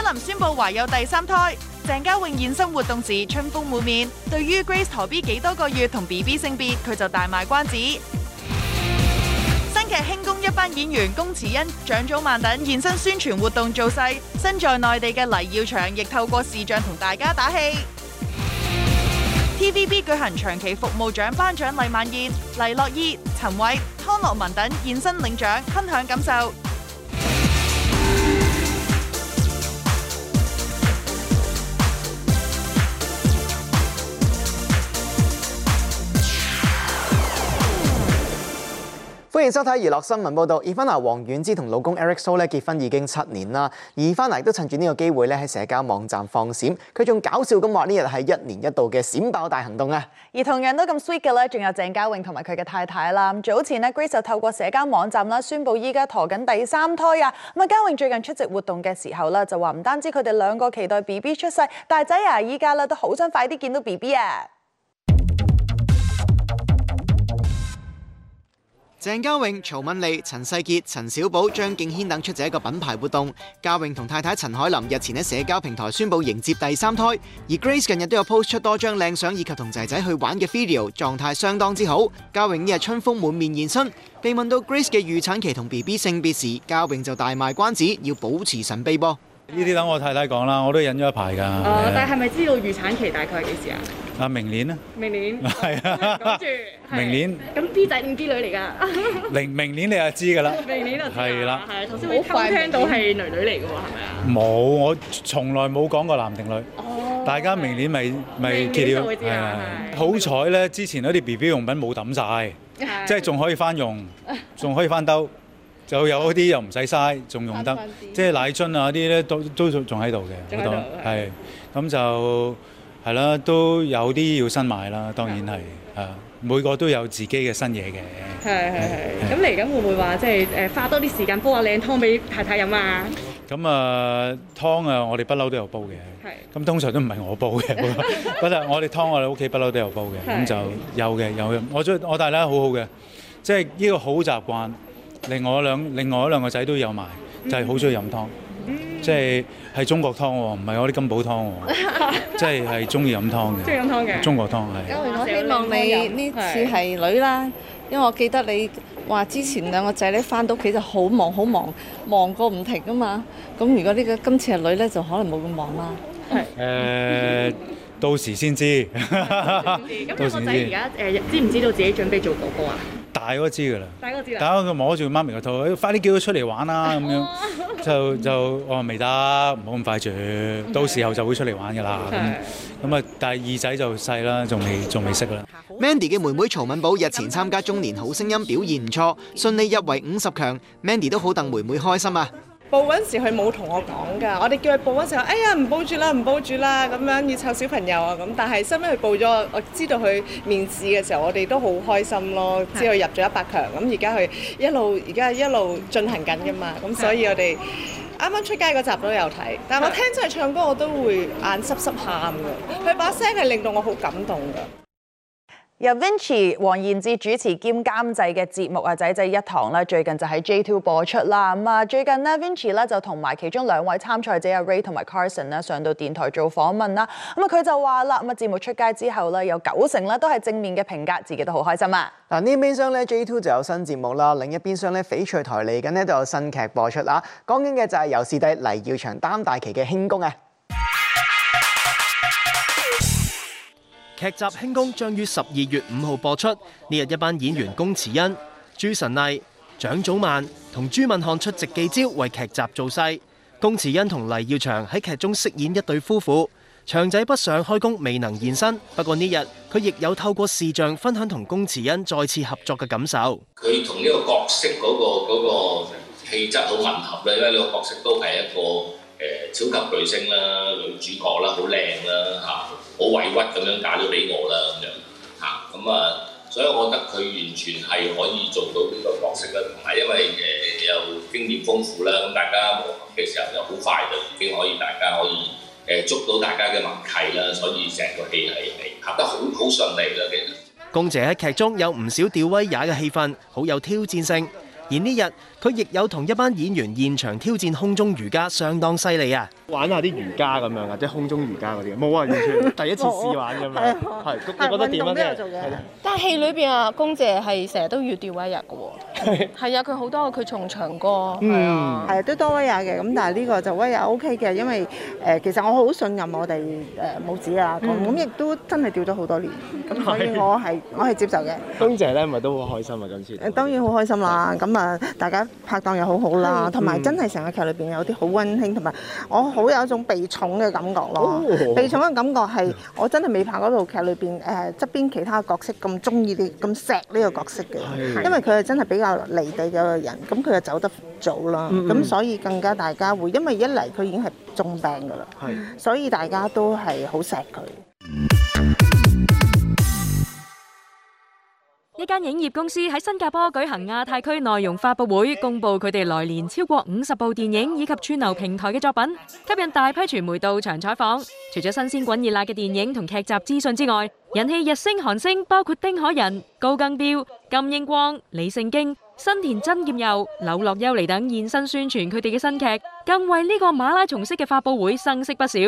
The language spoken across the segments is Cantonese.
沈林宣布懷有第三胎，鄭嘉穎現身活動時春風滿面。對於 Grace 陀 B 幾多個月同 B B 性別，佢就大賣關子。 新劇《輕功》一班演員龔慈恩、蔣祖曼等現身宣傳活動造勢。身在內地嘅黎耀祥亦透過視像同大家打氣。TVB 舉行長期服務獎頒獎禮晚宴，黎諾懿、陳偉、湯洛雯等現身領獎，分享感受。歡迎收睇娛樂新聞報道。Ivana、王菀之同老公 Eric So 咧結婚已經七年啦。Ivana 都趁住呢個機會咧喺社交網站放閃，佢仲搞笑咁話呢日係一年一度嘅閃爆大行動啊。而同樣都咁 sweet 嘅咧，仲有鄭嘉穎同埋佢嘅太太啦。早前咧 Grace 就透過社交網站啦宣布，依家陀緊第三胎啊。咁嘉穎最近出席活動嘅時候啦，就話唔單止佢哋兩個期待 B B 出世，大仔啊依家咧都好想快啲見到 B B 啊。鄭嘉穎、曹敏莉、陳世杰、陳小寶、張敬軒等出席一個品牌活動。嘉穎同太太陳凱琳日前喺社交平台宣布迎接第三胎，而 Grace 近日都有 post 出多張靚相以及同仔仔去玩嘅 video，狀態相當之好。嘉穎呢日春風滿面現身，被問到 Grace 嘅預產期同 BB 性別時，嘉穎就大賣關子，要保持神秘噃。呢啲等我太太講啦，我都忍咗一排噶。哦，但係係咪知道預產期大概係幾時啊？啊，明年啊。明年。係啊。諗住。明年。咁 B 仔定 B 女嚟噶？明明年你就知噶啦。明年就知啦。係啊，頭先好快聽到係女女嚟噶喎，係咪啊？冇，我從來冇講過男定女。哦。大家明年咪咪揭曉係啊？好彩咧，之前嗰啲 B B 用品冇抌晒，即係仲可以翻用，仲可以翻兜。就有啲又唔使嘥，仲用得，即係奶樽啊啲咧都都仲仲喺度嘅嗰度，係咁就係啦，都有啲要新買啦，當然係啊，每個都有自己嘅新嘢嘅。係係係，咁嚟緊會唔會話即係誒花多啲時間煲下靚湯俾太太飲啊？咁啊湯啊，我哋不嬲都有煲嘅。咁通常都唔係我煲嘅，不 過我哋湯我哋屋企不嬲都有煲嘅，咁就有嘅有。我最我大家好好嘅，即係呢個好習慣。另外兩另外兩個仔都有埋，就係好中意飲湯，嗯、即係係中國湯喎，唔係嗰啲金寶湯喎， 即係係中意飲湯嘅。中意飲湯嘅。中國湯係。我希望你呢次係女啦，因為我記得你話之前兩個仔咧返到屋企就好忙好忙忙過唔停噶嘛，咁如果呢個今次係女咧，就可能冇咁忙啦。係。誒、欸， 到時先知。咁兩個仔而家誒知唔知道自己準備做哥哥啊？ 大嗰支噶啦，大嗰支佢摸住佢媽咪個肚，快啲叫佢出嚟玩啦咁、哦、樣，嗯、就就我、哦、未得，唔好咁快住，okay. 到時候就會出嚟玩噶啦咁咁啊！但係耳仔就細啦，仲未仲未識啦。Mandy 嘅妹妹曹敏寶日前參加《中年好聲音》，表現唔錯，順利入圍五十強。Mandy 都好戥妹妹開心啊！報嗰陣時，佢冇同我講㗎。我哋叫佢報嗰陣時，哎呀，唔報住啦，唔報住啦，咁樣要湊小朋友啊咁。但係，後尾佢報咗，我知道佢面試嘅時候，我哋都好開心咯。知道入咗一百強，咁而家佢一路而家一路進行緊㗎嘛。咁所以，我哋啱啱出街嗰集都有睇。但我聽真係唱歌，我都會眼濕濕喊㗎。佢把聲係令到我好感動㗎。由 Vincent 黃彥志主持兼監製嘅節目啊，仔仔一堂啦，最近就喺 J Two 播出啦。咁啊最近咧 Vincent 咧就同埋其中兩位參賽者阿 Ray 同埋 Carson 咧上到電台做訪問啦。咁啊佢就話啦，咁啊節目出街之後咧，有九成咧都係正面嘅評價，自己都好開心啊。嗱，呢邊廂咧 J Two 就有新節目啦，另一邊廂咧翡翠台嚟緊咧都有新劇播出啦。講緊嘅就係由視帝黎耀祥擔，擔大旗嘅《輕功》啊。劇集《輕功》將於十二月五號播出。呢日一班演員龔慈恩、朱晨麗、蔣祖曼同朱敏瀚出席記招為劇集造勢。龔慈恩同黎耀祥喺劇中飾演一對夫婦。祥仔不想開工未能現身，不過呢日佢亦有透過視像分享同龔慈恩再次合作嘅感受。佢同呢個角色嗰、那個嗰、那個氣質好吻合咧，呢、這個角色都係一個。誒，超級巨星啦，女主角啦，好靚啦，嚇，好委屈咁樣嫁咗俾我啦，咁樣嚇，咁啊，所以我覺得佢完全係可以做到呢個角色啦，同埋因為誒又經驗豐富啦，咁大家磨合嘅時候又好快就已經可以大家可以誒捉到大家嘅默契啦，所以成個戲係係拍得好好順利啦，其實。公姐喺劇中有唔少吊威也嘅氣氛，好有挑戰性，而呢日。佢亦有同一班演員現場挑戰空中瑜伽，相當犀利啊！玩下啲瑜伽咁樣啊，即空中瑜伽嗰啲冇啊，完全第一次試玩啫嘛，係、 啊，你覺得點啊？呢啲運動都有做嘅，但係戲裏邊啊，公姐係成日都要吊威亞嘅喎，係 啊，佢好多佢從長過 啊，係、嗯、都多威亞嘅，咁但係呢個就威亞 OK 嘅，因為誒、呃、其實我好信任我哋誒、呃、母子啊，咁、嗯、亦都真係吊咗好多年，咁所以我係 我係接受嘅。公姐咧咪都好開心啊，今次當然好開心啦、啊，咁啊大家。拍檔又好好啦，同埋真係成個劇裏邊有啲好溫馨，同埋我好有一種被寵嘅感覺咯。被寵嘅感覺係我真係未拍嗰套劇裏邊誒側邊其他角色咁中意啲咁錫呢個角色嘅，因為佢係真係比較離地嘅人，咁佢又走得早啦，咁所以更加大家會，因為一嚟佢已經係中病噶啦，所以大家都係好錫佢。一間影業公司喺新加坡舉行亞太區內容發布會，公布佢哋來年超過五十部電影以及串流平台嘅作品，吸引大批傳媒到場採訪。除咗新鮮滾熱辣嘅電影同劇集資訊之外，人氣日星韓星包括丁海寅、高更彪、金英光、李聖經、新田真劍佑、柳樂優彌等現身宣傳佢哋嘅新劇，更為呢個馬拉松式嘅發布會生色不少。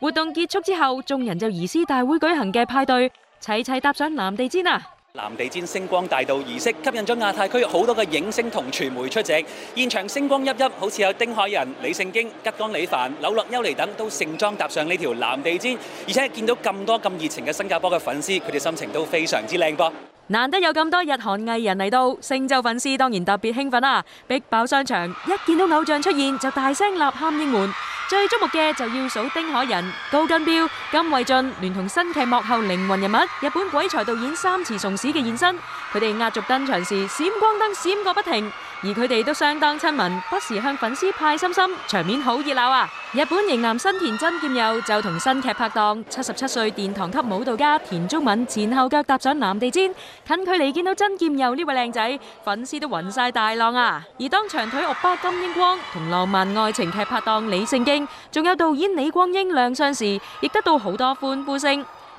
活動結束之後，眾人就移師大會舉行嘅派對，齊齊踏上藍地氈啊！藍地氈星光大道儀式，吸引咗亞太區好多嘅影星同傳媒出席，現場星光熠熠，好似有丁海寅、李聖經、吉岡里帆、柳樂優彌等都盛裝踏上呢條藍地氈，而且見到咁多咁熱情嘅新加坡嘅粉絲，佢哋心情都非常之靚噃。難得有咁多日韓藝人嚟到，星洲粉絲當然特別興奮啦，啊，逼爆商場，一見到偶像出現就大聲吶喊應援。最矚目嘅就要數丁海寅、高根彪、金惠俊，連同新劇幕後靈魂人物、日本鬼才導演三池崇史嘅現身。佢哋壓軸登場時，閃光燈閃個不停。而佢哋都相當親民，不時向粉絲派心心，場面好熱鬧啊！日本型男新田真劍佑就同新劇拍檔七十七歲殿堂級舞蹈家田中敏前後腳踏上藍地氈，近距離見到真劍佑呢位靚仔，粉絲都暈晒大浪啊！而當長腿歐巴金英光同浪漫愛情劇拍檔李聖經，仲有導演李光英亮相時，亦得到好多歡呼聲。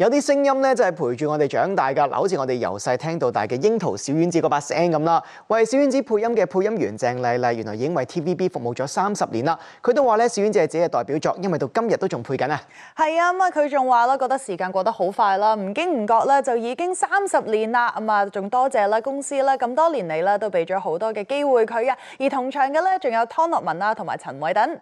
有啲聲音咧，就係陪住我哋長大噶，好似我哋由細聽到大嘅《櫻桃小丸子》嗰把聲咁啦。為小丸子配音嘅配音員鄭麗麗，原來已經為 TVB 服務咗三十年啦。佢都話咧，《小丸子》係自己嘅代表作，因為到今日都仲配緊啊。係啊，咁啊，佢仲話咯，覺得時間過得好快啦，唔經唔覺咧，就已經三十年啦。咁啊，仲多謝啦公司啦，咁多年嚟咧都俾咗好多嘅機會佢啊。而同場嘅咧，仲有湯洛雯啦，同埋陳偉等。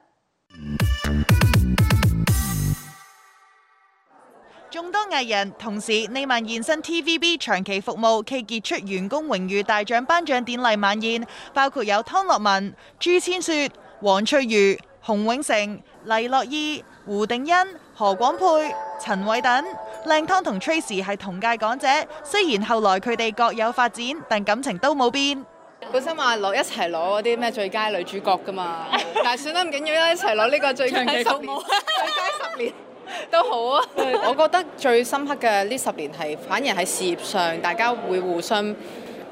眾多藝人同時呢晚現身 TVB 長期服務暨傑出員工榮譽大獎頒獎典禮晚宴，包括有湯洛雯、朱千雪、黃翠如、洪永城、黎諾懿、胡定欣、何廣沛、陳煒等。靚湯同 Tracy 係同屆港姐，雖然後來佢哋各有發展，但感情都冇變。本身話攞一齊攞啲咩最佳女主角㗎嘛， 但算啦唔緊要啦，一齊攞呢個最近嘅。 最佳十年。都好啊！ 我覺得最深刻嘅呢十年係反而喺事業上，大家會互相。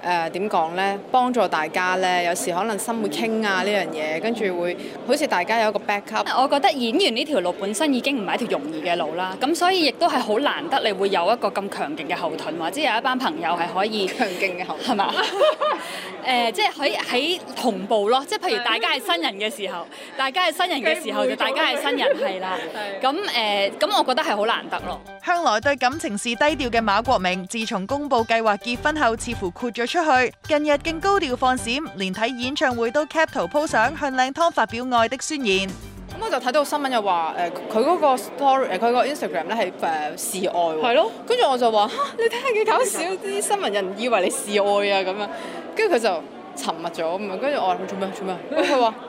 誒點講呢？幫助大家呢，有時可能心會傾啊呢樣嘢，跟住會好似大家有一個 back up。我覺得演員呢條路本身已經唔係一條容易嘅路啦，咁所以亦都係好難得你會有一個咁強勁嘅後盾，或者有一班朋友係可以強勁嘅後盾，係嘛、 呃？即係喺喺同步咯，即係譬如大家係新人嘅時候，大家係新人嘅時候就大家係新人係啦。咁誒，咁、 嗯呃、我覺得係好難得咯。向來對感情事低調嘅馬國明，自從公布計劃結婚後，似乎豁咗出去。近日更高調放閃，連睇演唱會都 cap 圖鋪相，向靚湯發表愛的宣言。咁我就睇到新聞又話，誒、呃，佢嗰個 story，佢、呃、個 Instagram 咧，係示愛。係、呃、咯。跟住我就話、啊，你睇下幾搞笑啲新聞人以為你示愛啊咁樣。跟住佢就沉默咗，唔係，跟住我話做咩做咩，佢話。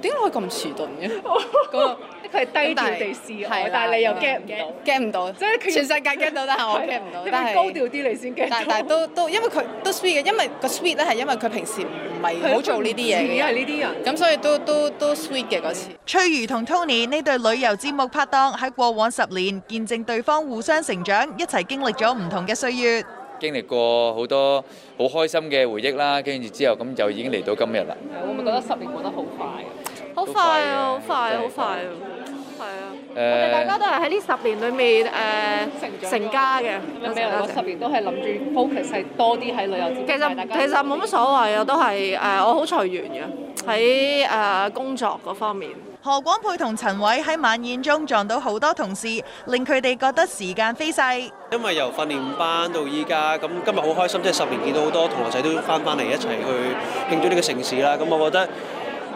點解會咁遲鈍嘅？佢 係、那個、低調地試我但係你又 get 唔到 get、就是、全世界 get 到，但係我 get 唔到，到。但咁高調啲你先 get 但係都都因為佢都 sweet 嘅，因為個 sweet 咧係因為佢平時唔係好做呢啲嘢嘅。自己係呢啲人。咁所以都都都 sweet 嘅嗰次。翠如同 Tony 呢對旅遊節目拍檔喺過往十年見證對方互相成長，一齊經歷咗唔同嘅歲月。經歷過好多好開心嘅回憶啦，跟住之後咁就已經嚟到今日啦、嗯。我會唔會覺得十年過得好快？好快啊！好快啊！好快啊！係啊！嗯、我哋大家都係喺呢十年裏面誒成家嘅。咩？我十年都係諗住 focus 係多啲喺旅遊。其實其實冇乜所謂啊，嗯、都係誒我好隨緣嘅喺誒工作嗰方面。何廣沛同陳偉喺晚宴中撞到好多同事，令佢哋覺得時間飛逝。因為由訓練班到依家咁，今日好開心，即係十年見到好多同學仔都翻返嚟一齊去慶祝呢個城市啦。咁、嗯嗯嗯嗯嗯嗯嗯嗯、我覺得。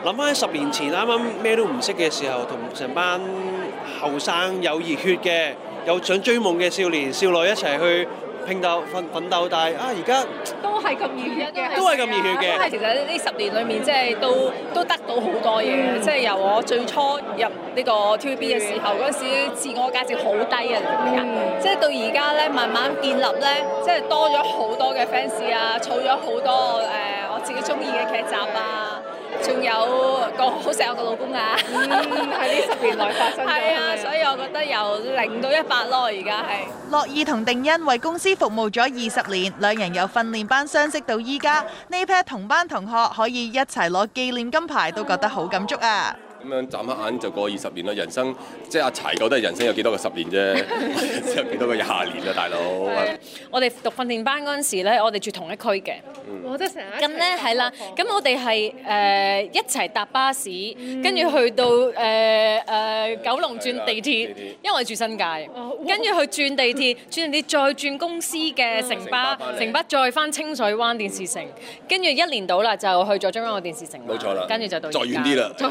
諗翻十年前啱啱咩都唔識嘅時候，同成班後生有熱血嘅，有想追夢嘅少年少女一齊去拼鬥奮鬥奮鬥，但係啊而家都係咁熱血嘅，都係咁熱血嘅。其實呢十年裏面，即、就、係、是、都都得到好多嘢。即、mm. 係由我最初入呢個 TVB 嘅時候嗰、mm. 時，自我價值好低啊。嗯。即係到而家咧，慢慢建立咧，即、就、係、是、多咗好多嘅 fans 啊，儲咗好多、呃、我自己中意嘅劇集啊。仲有個好錫我嘅老公啊、嗯！喺呢十年來發生嘅事 啊是是，所以我覺得由零到一百咯，而家係。樂意同定欣為公司服務咗二十年，兩人由訓練班相識到依家，呢批同班同學可以一齊攞紀念金牌，都覺得好感觸啊！咁樣眨下眼就過二十年啦！人生即係阿柴覺得，人生有幾多個十年啫？有幾多個廿年啦，大佬 。我哋讀訓練班嗰陣時咧，我哋住同一區嘅。我真係成日。咁咧係啦，咁我哋係誒一齊搭巴士，跟住去到誒誒、呃、九龍轉地鐵，地鐵因為我哋住新界。跟、哦、住去轉地鐵，轉地鐵再轉公司嘅城巴、嗯城巴，巴，城巴再翻清水灣電視城，跟、嗯、住一年到啦就去咗中央嘅電視城。冇錯啦。跟住就到。再遠啲啦。再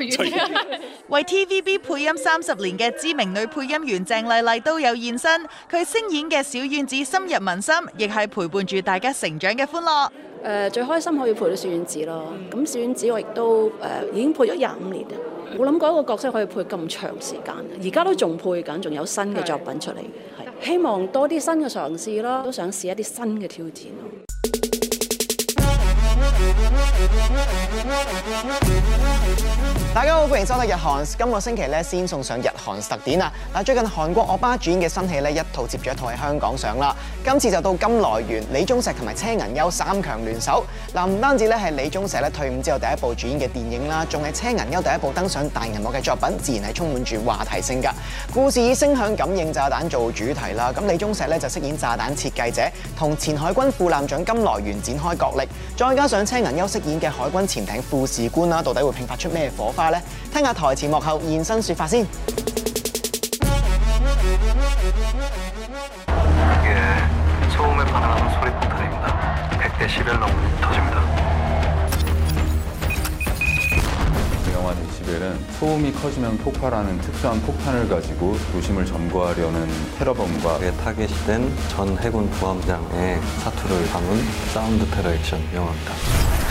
為 TVB 配音三十年嘅知名女配音員鄭麗麗都有現身，佢聲演嘅小丸子深入民心，亦係陪伴住大家成長嘅歡樂。誒，最開心可以配到小丸子咯，咁小丸子我亦都誒、呃、已經配咗廿五年，我諗嗰個角色可以配咁長時間，而家都仲配緊，仲有新嘅作品出嚟，係希望多啲新嘅嘗試咯，都想試一啲新嘅挑戰咯。大家好，歡迎收睇《日韓》。今個星期咧，先送上《日韓》特典啦。嗱，最近韓國歐巴主演嘅新戲咧，一套接咗一套喺香港上啦。今次就到金來沅、李鍾碩同埋車銀優三強聯手。嗱，唔單止咧係李鍾碩咧退伍之後第一部主演嘅電影啦，仲係車銀優第一部登上大銀幕嘅作品，自然係充滿住話題性噶。故事以聲響感應炸彈做主題啦。咁李鍾碩咧就飾演炸彈設計者，同前海軍副艦長金來沅展開角力。再加上車銀優飾演嘅海軍潛艇副士官啦，到底會迸發出咩火花咧？聽下台前幕後現身說法先。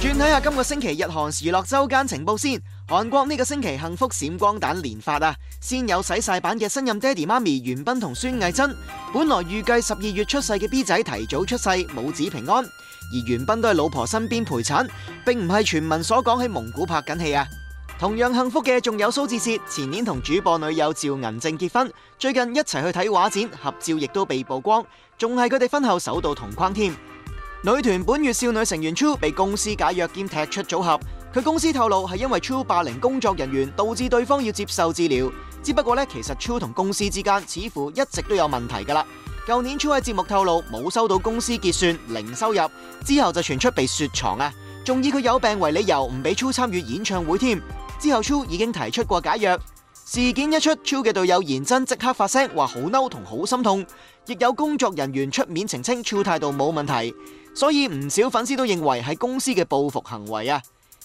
轉睇下今個星期日韓娛，娛樂週間情報先。韓國呢個星期幸福閃光彈連發啊！先有洗晒版嘅新任爹哋媽咪玄彬同孫藝珍。本來預計十二月出世嘅 B 仔提早出世，母子平安。而玄彬都係老婆身邊陪產，並唔係傳聞所講喺蒙古拍緊戲啊！同樣幸福嘅仲有蘇志燮，前年同主播女友趙銀正結婚，最近一齊去睇畫展，合照亦都被曝光，仲係佢哋婚後首度同框添。女團本月少女成員初被公司解約兼踢出組合，佢公司透露係因為初 h o 霸凌工作人員，導致對方要接受治療。只不過呢，其實初同公司之間似乎一直都有問題噶啦。舊年初喺節目透露冇收到公司結算，零收入，之後就傳出被雪藏啊，仲以佢有病為理由唔俾初 h o 參與演唱會添。之後超已經提出過解約，事件一出，超嘅隊友言真即刻發聲話好嬲同好心痛，亦有工作人員出面澄清超態度冇問題，所以唔少粉絲都認為係公司嘅報復行為啊！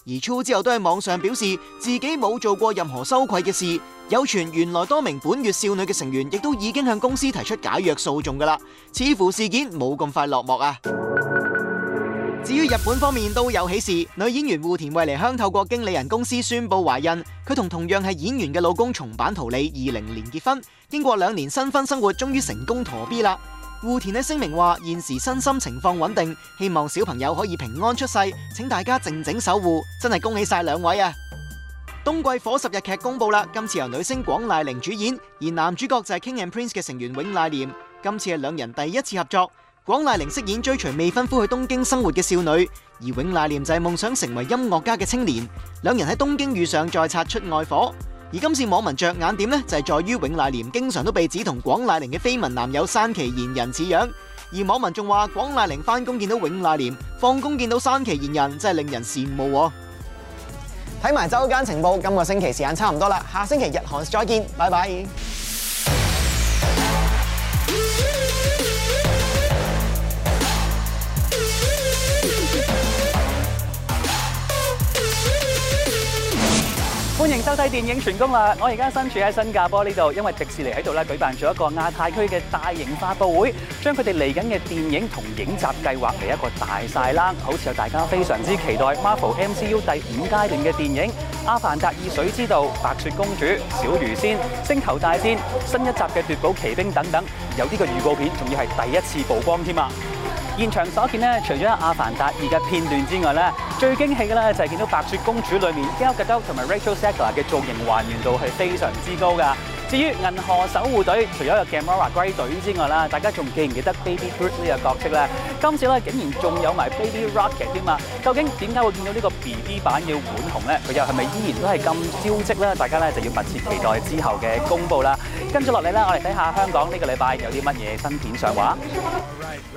而超之後都喺網上表示自己冇做過任何羞愧嘅事，有傳原來多名本月少女嘅成員亦都已經向公司提出解約訴訟㗎喇，似乎事件冇咁快落幕啊！至於日本方面都有喜事，女演員戶田惠梨香透過經理人公司宣布懷孕，佢同同樣係演員嘅老公松坂桃李二零年結婚，經過兩年新婚生活，終於成功陀 B 啦。戶田喺聲明話現時身心情況穩定，希望小朋友可以平安出世，請大家靜靜守護，真係恭喜晒兩位啊！冬季火十日劇公布啦，今次由女星廣瀨鈴主演，而男主角就係 King and Prince 嘅成員永瀨廉，今次係兩人第一次合作。廣瀨鈴飾演追隨未婚夫去東京生活嘅少女，而永瀨廉就係夢想成為音樂家嘅青年，兩人喺東京遇上，再擦出愛火。而今次網民着眼點呢？就係、是、在於永瀨廉經常都被指同廣瀨鈴嘅緋聞男友山崎賢人似樣，而網民仲話廣瀨鈴翻工見到永瀨廉，放工見到山崎賢人，真係令人羨慕。睇埋周間情報，今個星期時間差唔多啦，下星期日韓再見，拜拜。歡迎收睇電影全攻略！我而家身處喺新加坡呢度，因為迪士尼喺度咧舉辦咗一個亞太區嘅大型發佈會，將佢哋嚟緊嘅電影同影集計劃嚟一個大晒啦，嗯，好似有大家非常之期待 Marvel MCU 第五階段嘅電影《阿凡達以水之道》《白雪公主》、《小魚仙》、《星球大戰》、新一集嘅《奪寶奇兵》等等，有呢個預告片，仲要係第一次曝光添啊！現場所見咧，除咗《阿凡達二》嘅片段之外咧，最驚喜嘅咧就係見到《白雪公主》裏面 Gal Gadot 同埋 Rachel Zegler 嘅造型還原度係非常之高噶。至於《銀河守護隊》，除咗有 Gamora 歸隊之外啦，大家仲記唔記得 Baby Groot 呢個角色咧？今次咧竟然仲有埋 Baby Rocket 添，究竟點解會見到呢個 BB 版嘅浣熊咧？佢又係咪依然都係咁招積咧？大家咧就要密切期待之後嘅公佈啦！跟住落嚟，我哋睇下香港呢個禮拜有啲乜嘢新片上畫。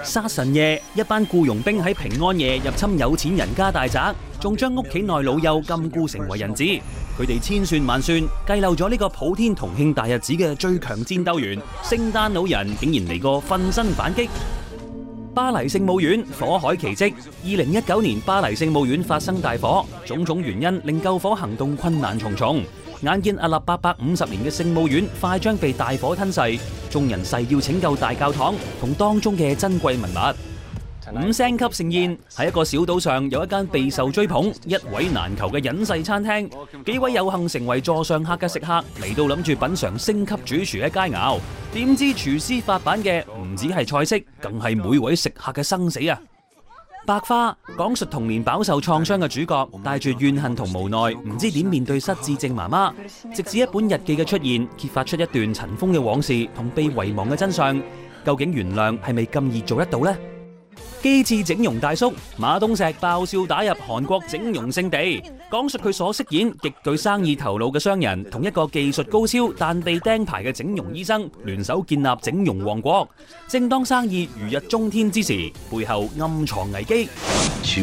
殺神夜，一班僱傭兵喺平安夜入侵有錢人家大宅，仲將屋企內老幼禁錮成為人質。佢哋千算萬算，計漏咗呢個普天同慶大日子嘅最強戰鬥員聖誕老人，竟然嚟個分身反擊。巴黎聖母院火海奇蹟，二零一九年巴黎聖母院發生大火，種種原因令救火行動困難重重。眼見屹立八百五十年嘅聖母院快將被大火吞噬，眾人誓要拯救大教堂同當中嘅珍貴文物。五星級盛宴喺一個小島上有一間備受追捧、一位難求嘅隱世餐廳，幾位有幸成為座上客嘅食客嚟到諗住品嘗星級主廚嘅佳肴，點知廚師發版嘅唔止係菜式，更係每位食客嘅生死啊！白花講述童年飽受創傷嘅主角，帶住怨恨同無奈，唔知點面對失智症媽媽。直至一本日記嘅出現，揭發出一段塵封嘅往事同被遺忘嘅真相。究竟原諒係咪咁易做得到呢？機智整容大叔馬東石爆笑打入韓國整容聖地，講述佢所飾演極具生意頭腦嘅商人，同一個技術高超但被釘牌嘅整容醫生聯手建立整容王國。正當生意如日中天之時，背後暗藏危機。自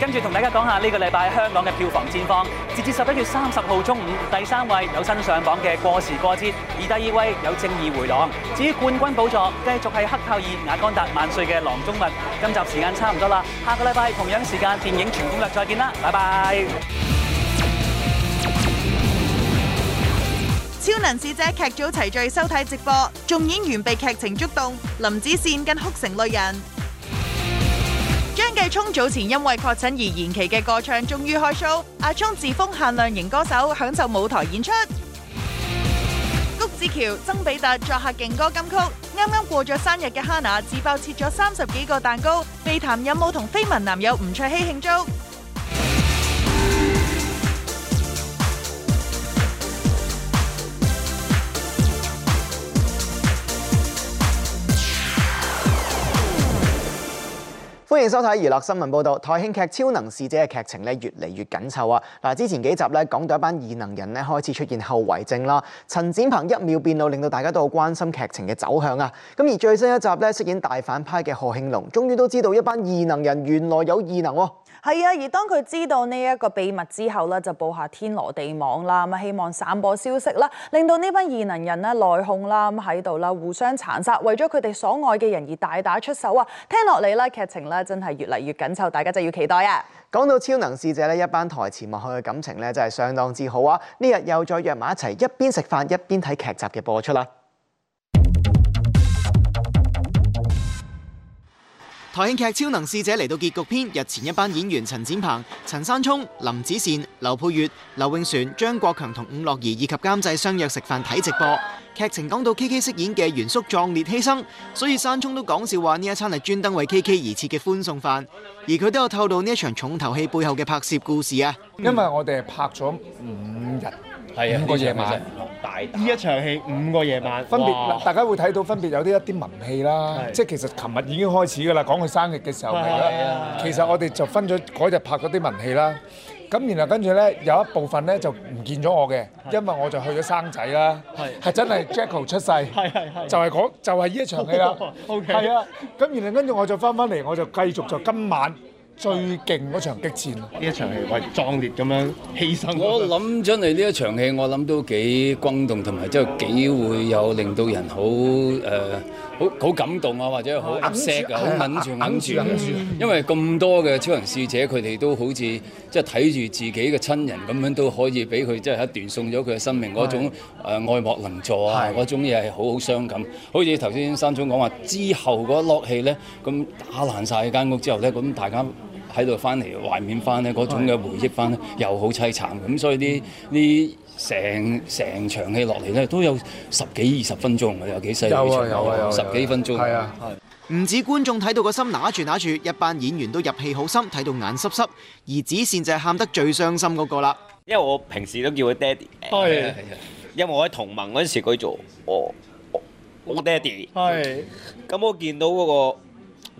跟住同大家講下呢個禮拜香港嘅票房戰況，截至十一月三十號中午，第三位有新上榜嘅《過時過節》，而第二位有《正義回廊》。至於冠軍寶座，繼續係黑豹二、瓦干達、萬歲嘅囊中物。今集時間差唔多啦，下個禮拜同樣時間電影全攻略再見啦，拜拜。超能使者劇組齊聚收睇直播，眾演員被劇情觸動，林子善更哭成淚人。張繼聰早前因為確診而延期嘅歌唱終於開 show，阿聰自封限量型歌手，享受舞台演出。菊 梓喬、曾比特作客勁歌金曲，啱啱過咗生日嘅哈娜自爆切咗三十幾個蛋糕，被談有冇同緋聞男友吳卓羲慶祝。歡迎收睇娛樂新聞報道。台慶劇《超能使者》嘅劇情咧越嚟越緊湊啊！嗱，之前幾集咧講到一班異能人咧開始出現後遺症啦。陳展鵬一秒變老，令到大家都好關心劇情嘅走向啊！咁而最新一集咧，飾演大反派嘅何慶龍，終於都知道一班異能人原來有異能喎係啊，而當佢知道呢一個秘密之後咧，就布下天羅地網啦，咁希望散播消息啦，令到呢班異能人咧內訌啦，咁喺度啦，互相殘殺，為咗佢哋所愛嘅人而大打出手啊！聽落嚟咧，劇情咧真係越嚟越緊湊，大家就要期待啊！講到超能使者呢，一班台前幕後嘅感情咧真係相當之好啊！呢日又再約埋一齊，一邊食飯一邊睇劇集嘅播出啦。台慶劇《超能使者》嚟到結局篇，日前一班演員陳展鵬、陳山聰、林子善、劉佩玥、劉穎璇、張國強同伍樂怡以及監製相約食飯睇直播。劇情講到 K K 飾演嘅袁叔壯烈犧牲，所以山聰都講笑話呢一餐係專登為 K K 而設嘅歡送飯，而佢都有透露呢一場重頭戲背後嘅拍攝故事啊！因為我哋拍咗五日。係五個夜晚，呢一場戲五個夜晚，分別嗱，大家會睇到分別有啲一啲文戲啦，即係其實琴日已經開始㗎啦，講佢生日嘅時候係啦，其實我哋就分咗嗰日拍嗰啲文戲啦，咁然後跟住咧有一部分咧就唔見咗我嘅，因為我就去咗生仔啦，係真係 Jackal 出世，係係係，就係嗰就係呢一場戲啦，OK，係啊，咁然後跟住我就翻翻嚟，我就繼續就今晚。最勁嗰場激戰，呢一場戲係為壯烈咁樣犧牲。我諗出嚟呢一場戲，我諗都幾轟動，同埋即係幾會有令到人好誒。呃好，好感動啊，或者好 sad 啊，揞住揞住，因為咁多嘅超人使者，佢、嗯、哋都好似即係睇住自己嘅親人咁樣，都可以俾佢即係一斷送咗佢嘅生命嗰種誒、呃、愛莫能助啊，嗰種嘢係好好傷感。好似頭先生總講話，之後嗰一攞戲咧，咁打爛晒間屋之後咧，咁大家喺度翻嚟懷念翻咧，嗰種嘅回憶翻咧，又好淒慘。咁所以呢。啲、嗯。成成場戲落嚟咧都有十幾二十分鐘，有幾細？有啊，有啊，有啊十幾分鐘係啊，唔、啊啊啊啊啊、止觀眾睇到個心揦住揦住，一班演員都入戲好深，睇到眼濕濕。而子善就係喊得最傷心嗰個啦。因為我平時都叫佢爹哋，因為我喺同盟嗰陣時佢做我我爹哋，係咁我見、嗯、到嗰、嗰個。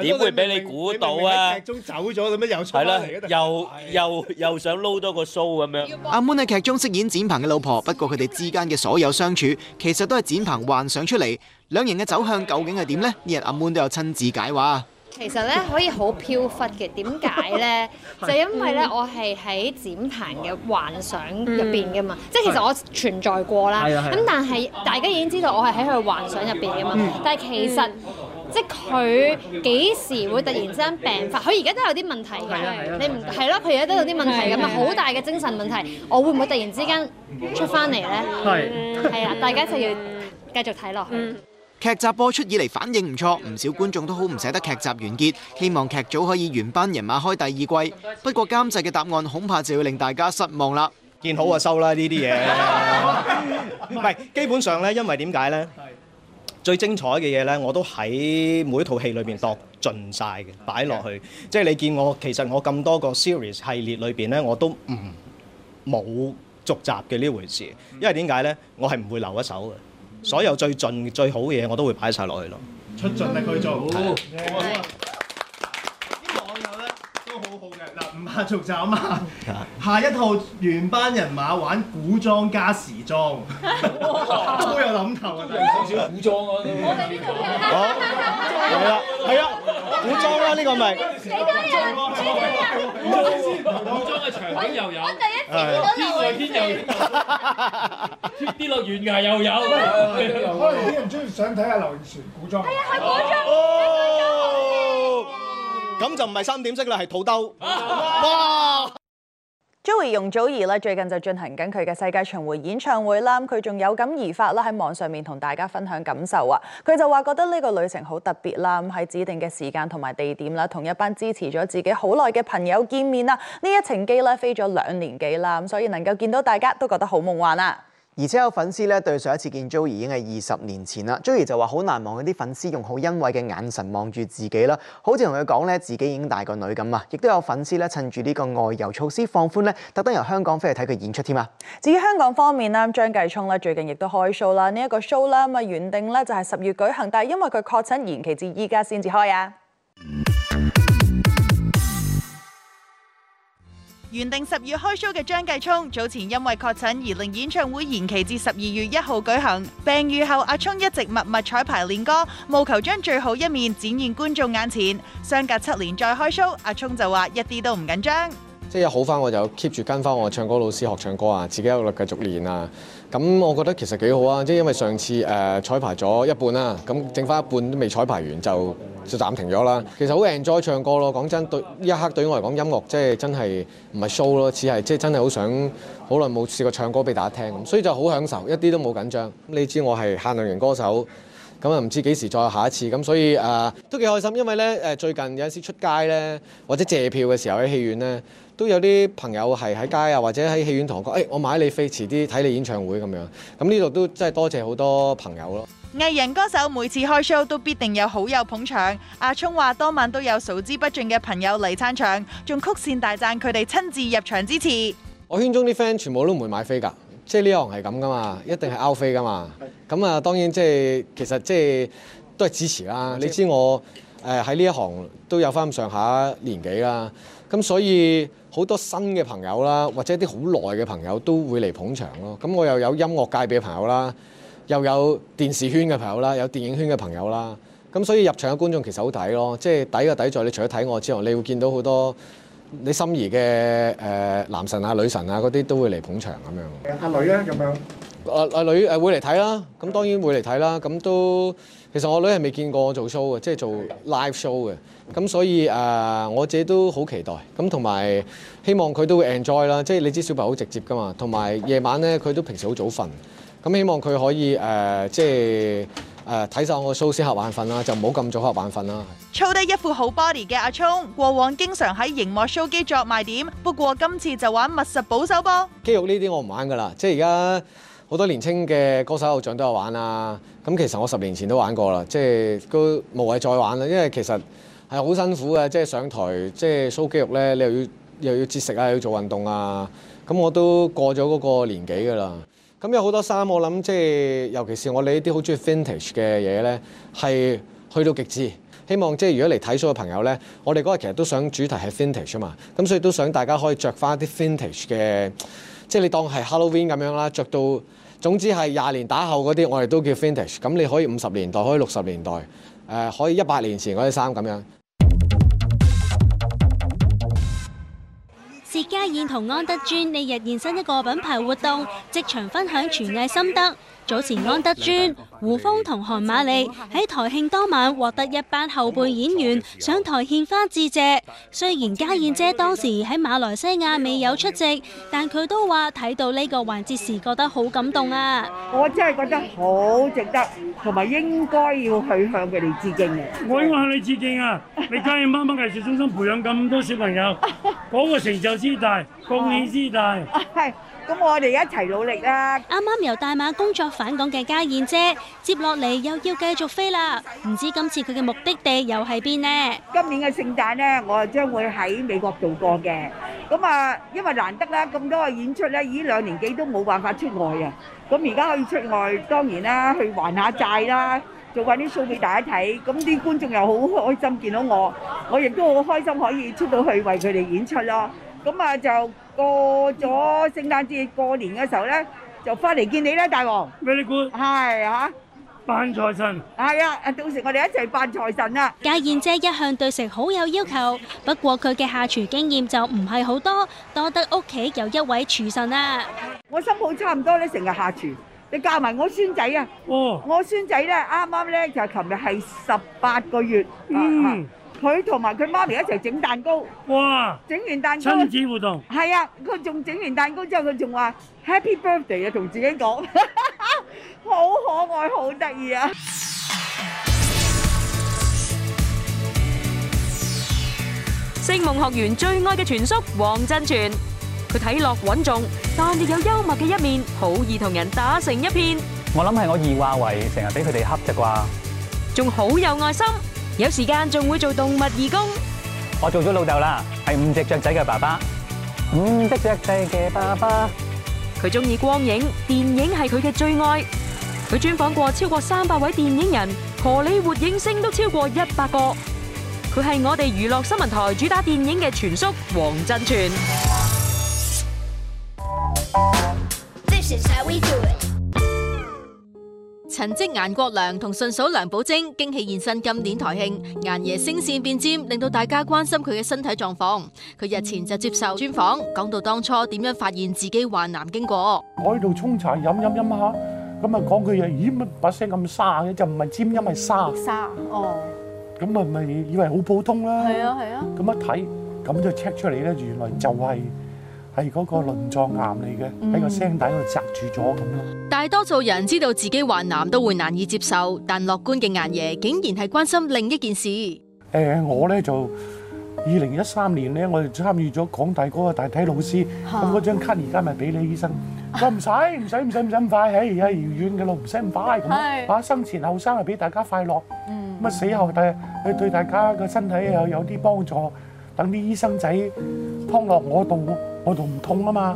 點 會俾你估到啊？喺劇中走咗咁樣又出嚟又 又又想撈多個 show 咁樣。阿 moon 喺劇中飾演展鵬嘅老婆，不過佢哋之間嘅所有相處其實都係展鵬幻想出嚟，兩人嘅走向究竟係點呢？呢日阿 moon 都有親自解話。其實咧可以好飄忽嘅，點解咧？就因為咧、嗯，我係喺展棚嘅幻想入邊噶嘛，嗯、即係其實我存在過啦。咁但係大家已經知道我係喺佢幻想入邊噶嘛。嗯、但係其實、嗯、即係佢幾時會突然之間病發？佢而家都有啲問題嘅，你唔係咯？佢而家都有啲問題咁啊，好大嘅精神問題。我會唔會突然之間出翻嚟咧？係、嗯、啊， 大家就要繼續睇落去。嗯劇集播出以嚟反應唔錯，唔少觀眾都好唔捨得劇集完結，希望劇組可以原班人馬開第二季。不過監製嘅答案恐怕就要令大家失望啦。見好就收啦呢啲嘢，唔 係 基本上呢，因為點解呢？最精彩嘅嘢呢，我都喺每一套戲裏邊度盡晒嘅，擺落去。Okay. 即係你見我其實我咁多個 series 系列裏邊呢，我都唔冇續集嘅呢回事。因為點解呢？我係唔會留一手嘅。所有最盡最好嘅嘢，我都會擺晒落去咯。出盡力去做。嗯、好啊！啲網友咧都好好嘅。嗱，唔怕續集啊嘛。下一套原班人馬玩古裝加時裝，哦哦、都有諗頭、啊、少少古裝啊好，係啦，係啊。 古裝啦，呢個咪？幾多人中意啊？這個、是 古裝嘅場景 又，又有，我第一次。天外天又有，貼啲落懸崖又有。有啲人中意想睇下劉謙古裝。係 啊，係古裝。咁、哦、 就唔係三點式啦，係肚兜。哇！ Joey 容祖兒咧最近就進行緊佢嘅世界巡迴演唱會啦，佢仲有感而發啦，喺網上面同大家分享感受啊！佢就話覺得呢個旅程好特別啦，咁喺指定嘅時間同埋地點啦，同一班支持咗自己好耐嘅朋友見面啦，呢一程機咧飛咗兩年幾啦，咁所以能夠見到大家都覺得好夢幻啊！而且有粉絲咧對上一次見 Joey 已經係二十年前啦，Joey 就話好難忘嗰啲粉絲用好欣慰嘅眼神望住自己啦，好似同佢講咧自己已經大個女咁啊！亦都有粉絲咧趁住呢個外遊措施放寬咧，特登由香港飛嚟睇佢演出添啊！至於香港方面啦，張繼聰咧最近亦都開 show 啦，呢一個 show 啦咁啊原定咧就係十月舉行，但係因為佢確診延期至依家先至開啊！原定十月開 show 嘅張繼聰，早前因為確診而令演唱會延期至十二月一號舉行。病癒後，阿聰一直默默彩排練歌，務求將最好一面展現觀眾眼前。相隔七年再開 show，阿聰就話一啲都唔緊張。即係好翻，我就 keep 住跟翻我唱歌老師學唱歌啊！自己一路繼續練啊，咁我覺得其實幾好啊。即係因為上次誒、呃、彩排咗一半啦，咁剩翻一半都未彩排完，就就暫停咗啦。其實好 enjoy 唱歌咯，講真對一刻對於我嚟講，音樂即係真係唔係 show 咯，似係即係真係好想好耐冇試過唱歌俾大家聽咁，所以就好享受，一啲都冇緊張。咁你知我係限量型歌手，咁又唔知幾時再下一次咁，所以誒、呃、都幾開心，因為咧最近有陣時出街咧，或者謝票嘅時候喺戲院咧。都有啲朋友係喺街啊，或者喺戲院同我講，誒、欸，我買你飛，遲啲睇你演唱會咁樣。咁呢度都真係多謝好多朋友咯。藝人歌手每次開 show 都必定有好友捧場。阿聰話當晚都有數之不盡嘅朋友嚟撐場，仲曲線大讚佢哋親自入場支持。我圈中啲 friend 全部都唔會買飛㗎，即係呢行係咁㗎嘛，一定係 out 飛㗎嘛。咁啊，當然即、就、係、是、其實即、就、係、是、都係支持啦。知道你知道我誒喺呢一行都有返咁上下年紀啦。咁所以好多新嘅朋友啦，或者啲好耐嘅朋友都會嚟捧場咯。咁我又有音樂界嘅朋友啦，又有電視圈嘅朋友啦，有電影圈嘅朋友啦。咁所以入場嘅觀眾其實好抵咯，即係抵嘅抵在你除咗睇我之外，你會見到好多你心儀嘅誒男神啊、女神啊嗰啲都會嚟捧場咁樣。阿女啊，咁樣。阿、呃、誒女誒、呃、會嚟睇啦，咁當然會嚟睇啦。咁都其實我女係未見過我做 show 嘅，即係做 live show 嘅。咁所以誒、呃，我自己都好期待。咁同埋希望佢都會 enjoy 啦。即係你知小朋友好直接㗎嘛。同埋夜晚咧，佢都平時好早瞓。咁希望佢可以誒、呃，即係誒睇晒我的 show 先，合眼瞓啦，就唔好咁早合眼瞓啦。操得一副好 body 嘅阿聰，過往經常喺熒幕 show 肌作賣點，不過今次就玩密實保守波，肌肉呢啲我唔玩㗎喇，即係而家。好多年青嘅歌手偶像都有玩啊！咁其實我十年前都玩過啦，即係都無謂再玩啦，因為其實係好辛苦嘅，即係上台即係 show 肌肉咧，你又要又要節食啊，又要做運動啊，咁我都過咗嗰個年紀㗎啦。咁有好多衫，我諗即係尤其是我哋呢啲好中意 vintage 嘅嘢咧，係去到極致。希望即係如果嚟睇 show 嘅朋友咧，我哋嗰日其實都想主題係 vintage 啊嘛，咁所以都想大家可以着翻啲 vintage 嘅。即係你當係 Halloween 咁樣啦，着到總之係廿年打後嗰啲，我哋都叫 Vintage。咁你可以五十年代，可以六十年代，可以一百年前嗰啲衫咁樣。薛家燕同安德尊翌日現身一個品牌活動，即場分享廚藝心得。早前安德尊、大大胡楓同韓馬利喺台慶當晚獲得一班後輩演員上台獻花致謝。雖然家燕姐當時喺馬來西亞未有出席，但佢都話睇到呢個環節時覺得好感動啊！我真係覺得好值得，同埋應該要去向佢哋致敬嘅。我應該向你致敬啊！你家燕媽媽藝術中心培養咁多小朋友，嗰個 成就之大，貢獻之大。係、 啊。咁我哋一齊努力啦！啱啱由大馬工作返港嘅家燕姐，接落嚟又要繼續飛啦。唔知今次佢嘅目的地又喺邊呢？今年嘅聖誕呢，我啊將會喺美國度過嘅。咁啊，因為難得啦，咁多嘅演出呢，已經兩年幾都冇辦法出外啊。咁而家可以出外，當然啦，去還下債啦，做下啲 show 俾大家睇。咁啲觀眾又好開心見到我，我亦都好開心可以出到去為佢哋演出咯。咁啊，就過咗聖誕節、過年嘅時候咧，就翻嚟見你啦，大王。Very good. 係啊。扮財神。係啊，到時我哋一齊扮財神啊！家燕姐一向對食好有要求，不過佢嘅下廚經驗就唔係好多，多得屋企有一位廚神啊。我心抱差唔多咧，成日下廚。你教埋我孫仔啊？哦。我孫仔咧，啱啱咧就係琴日係十八個月。嗯。佢同埋佢媽咪一齊整蛋糕，哇！整完蛋糕，親子活動。係啊！佢仲整完蛋糕之後，佢仲話 Happy Birthday 啊，同自己講，好可愛，好得意啊！星夢學員最愛嘅全叔黃振全，佢睇落穩重，但亦有幽默嘅一面，好易同人打成一片。我諗係我二話為成日俾佢哋恰啫啩，仲好有愛心。有時間仲會做動物義工。我做咗老豆啦，係五隻雀仔嘅爸爸，五隻雀仔嘅爸爸。佢中意光影，電影係佢嘅最愛。佢專訪過超過三百位電影人，荷里活影星都超過一百個。佢係我哋娛樂新聞台主打電影嘅傳叔王振全。陳積顏國良同順嫂梁寶貞驚喜現身今年台慶，顏爺聲線變尖，令到大家關心佢嘅身體狀況。佢日前就接受專訪，講到當初點樣發現自己患癌經過。我喺度沖茶飲飲飲下，咁啊講句嘢，咦，乜把聲咁沙嘅？就唔係尖音係沙。沙哦，咁啊咪以為好普通啦。係啊係啊。咁一睇，咁就 check 出嚟咧，原來就係。係嗰個輪狀癌嚟嘅，喺個聲底嗰度擳住咗咁咯。大多數人知道自己患癌都會難以接受，但樂觀嘅顏爺竟然係關心另一件事。誒，我咧就二零一三年咧，我哋參與咗港大嗰個大體老師，咁嗰張卡而家咪俾你醫生。我話唔使，唔使，唔使，唔使咁快，誒，遙遠嘅路，唔使咁快。咁把，生前後生啊，俾大家快樂，咁啊，死後第日去對大家個身體又有啲幫助。等啲醫生仔劏落我度，我度唔痛啊嘛，